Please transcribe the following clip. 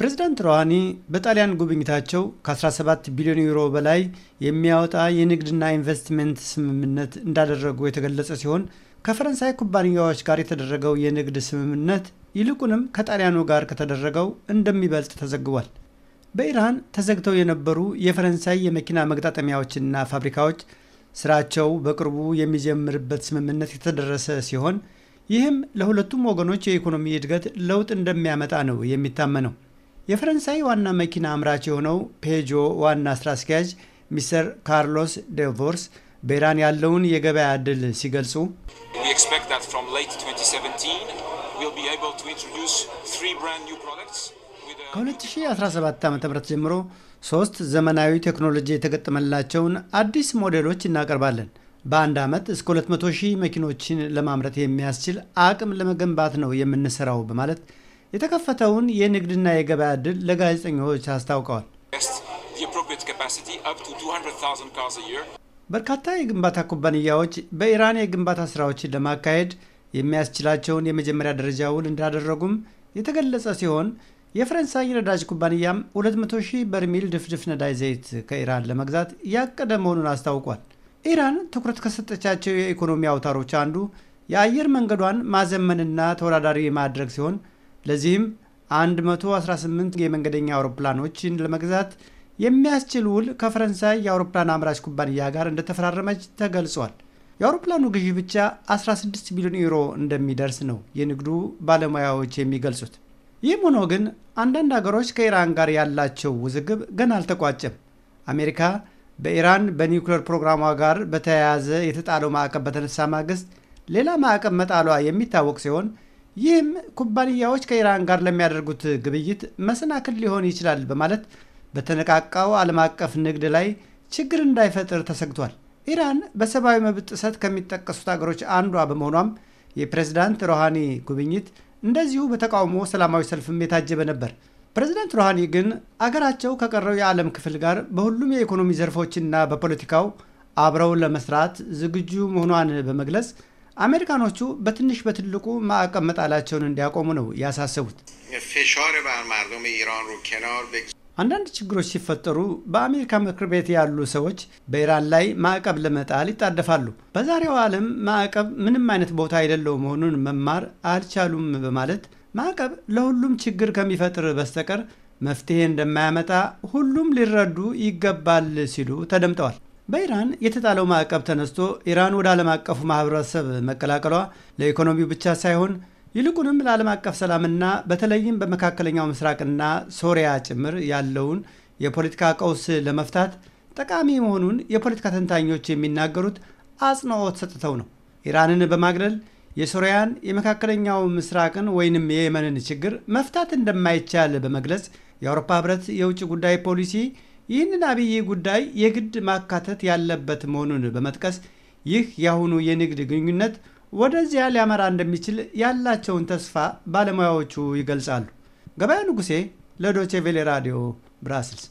ፕሬዚዳንት ሮሃኒ በጣሊያን ጉብኝታቸው ከ17 ቢሊዮን ዩሮ በላይ የሚያወጣ የንግድና ኢንቨስትመንት ስምምነት እንዳደረጉ የተገለጸ ሲሆን ከፈረንሳይ ኩባንያዎች ጋር የተደረገው የንግድ ስምምነት ይልቁንም ከጣሊያኑ ጋር ከተደረገው እንደሚበልጥ ተዘግቧል። በኢራን ተዘግተው የነበሩ የፈረንሳይ የመኪና መግጣጠሚያዎችና ፋብሪካዎች ስራቸው በቅርቡ የሚጀምርበት ስምምነት የተደረሰ ሲሆን ይህም ለሁለቱም ወገኖች የኢኮኖሚ እድገት ለውጥ እንደሚያመጣ ነው የሚታመነው። የፈረንሳይ ዋና መኪና አምራች የሆነው ፔጆ ዋና ስራ አስኪያጅ ሚስተር ካርሎስ ደቮርስ በኢራን ያለውን የገበያ ዕድል ሲገልጹ ከ2017 ዓ ም ጀምሮ ሶስት ዘመናዊ ቴክኖሎጂ የተገጠመላቸውን አዲስ ሞዴሎች እናቀርባለን። በአንድ ዓመት እስከ 200 ሺህ መኪኖችን ለማምረት የሚያስችል አቅም ለመገንባት ነው የምንሰራው በማለት የተከፈተውን የንግድና የገበያ ዕድል ለጋዜጠኞች አስታውቀዋል። በርካታ የግንባታ ኩባንያዎች በኢራን የግንባታ ስራዎችን ለማካሄድ የሚያስችላቸውን የመጀመሪያ ደረጃ ውል እንዳደረጉም የተገለጸ ሲሆን የፈረንሳይ ነዳጅ ኩባንያም 200 ሺህ በርሜል ድፍድፍ ነዳጅ ዘይት ከኢራን ለመግዛት ያቀደ መሆኑን አስታውቋል። ኢራን ትኩረት ከሰጠቻቸው የኢኮኖሚ አውታሮች አንዱ የአየር መንገዷን ማዘመንና ተወዳዳሪ ማድረግ ሲሆን ለዚህም 118 የመንገደኛ አውሮፕላኖችን ለመግዛት የሚያስችል ውል ከፈረንሳይ የአውሮፕላን አምራች ኩባንያ ጋር እንደተፈራረመች ተገልጿል። የአውሮፕላኑ ግዢ ብቻ 16 ቢሊዮን ዩሮ እንደሚደርስ ነው የንግዱ ባለሙያዎች የሚገልጹት። ይህም ሆኖ ግን አንዳንድ አገሮች ከኢራን ጋር ያላቸው ውዝግብ ገና አልተቋጨም። አሜሪካ በኢራን በኒውክሌር ፕሮግራሟ ጋር በተያያዘ የተጣለው ማዕቀብ በተነሳ ማግስት ሌላ ማዕቀብ መጣሏ የሚታወቅ ሲሆን ይህም ኩባንያዎች ከኢራን ጋር ለሚያደርጉት ግብይት መሰናክል ሊሆን ይችላል በማለት በተነቃቃው ዓለም አቀፍ ንግድ ላይ ችግር እንዳይፈጥር ተሰግቷል። ኢራን በሰብአዊ መብት ጥሰት ከሚጠቀሱት አገሮች አንዷ በመሆኗም የፕሬዝዳንት ሮሃኒ ጉብኝት እንደዚሁ በተቃውሞ ሰላማዊ ሰልፍም የታጀበ ነበር። ፕሬዝዳንት ሮሃኒ ግን አገራቸው ከቀረው የዓለም ክፍል ጋር በሁሉም የኢኮኖሚ ዘርፎችና በፖለቲካው አብረው ለመስራት ዝግጁ መሆኗን በመግለጽ አሜሪካኖቹ በትንሽ በትልቁ ማዕቀብ መጣላቸውን እንዲያቆሙ ነው ያሳሰቡት። አንዳንድ ችግሮች ሲፈጠሩ በአሜሪካ ምክር ቤት ያሉ ሰዎች በኢራን ላይ ማዕቀብ ለመጣል ይጣደፋሉ። በዛሬው ዓለም ማዕቀብ ምንም አይነት ቦታ የሌለው መሆኑን መማር አልቻሉም በማለት ማዕቀብ ለሁሉም ችግር ከሚፈጥር በስተቀር መፍትሄ እንደማያመጣ ሁሉም ሊረዱ ይገባል ሲሉ ተደምጠዋል። በኢራን የተጣለው ማዕቀብ ተነስቶ ኢራን ወደ ዓለም አቀፉ ማህበረሰብ መቀላቀሏ ለኢኮኖሚው ብቻ ሳይሆን ይልቁንም ለዓለም አቀፍ ሰላምና በተለይም በመካከለኛው ምስራቅና ሶሪያ ጭምር ያለውን የፖለቲካ ቀውስ ለመፍታት ጠቃሚ መሆኑን የፖለቲካ ተንታኞች የሚናገሩት አጽንኦት ሰጥተው ነው። ኢራንን በማግለል የሶሪያን የመካከለኛው ምስራቅን ወይንም የየመንን ችግር መፍታት እንደማይቻል በመግለጽ የአውሮፓ ህብረት የውጭ ጉዳይ ፖሊሲ ይህንን አብይ ጉዳይ የግድ ማካተት ያለበት መሆኑን በመጥቀስ ይህ የአሁኑ የንግድ ግንኙነት ወደዚያ ሊያመራ እንደሚችል ያላቸውን ተስፋ ባለሙያዎቹ ይገልጻሉ። ገበያ ንጉሴ ለዶቼ ቬሌ ራዲዮ ብራስልስ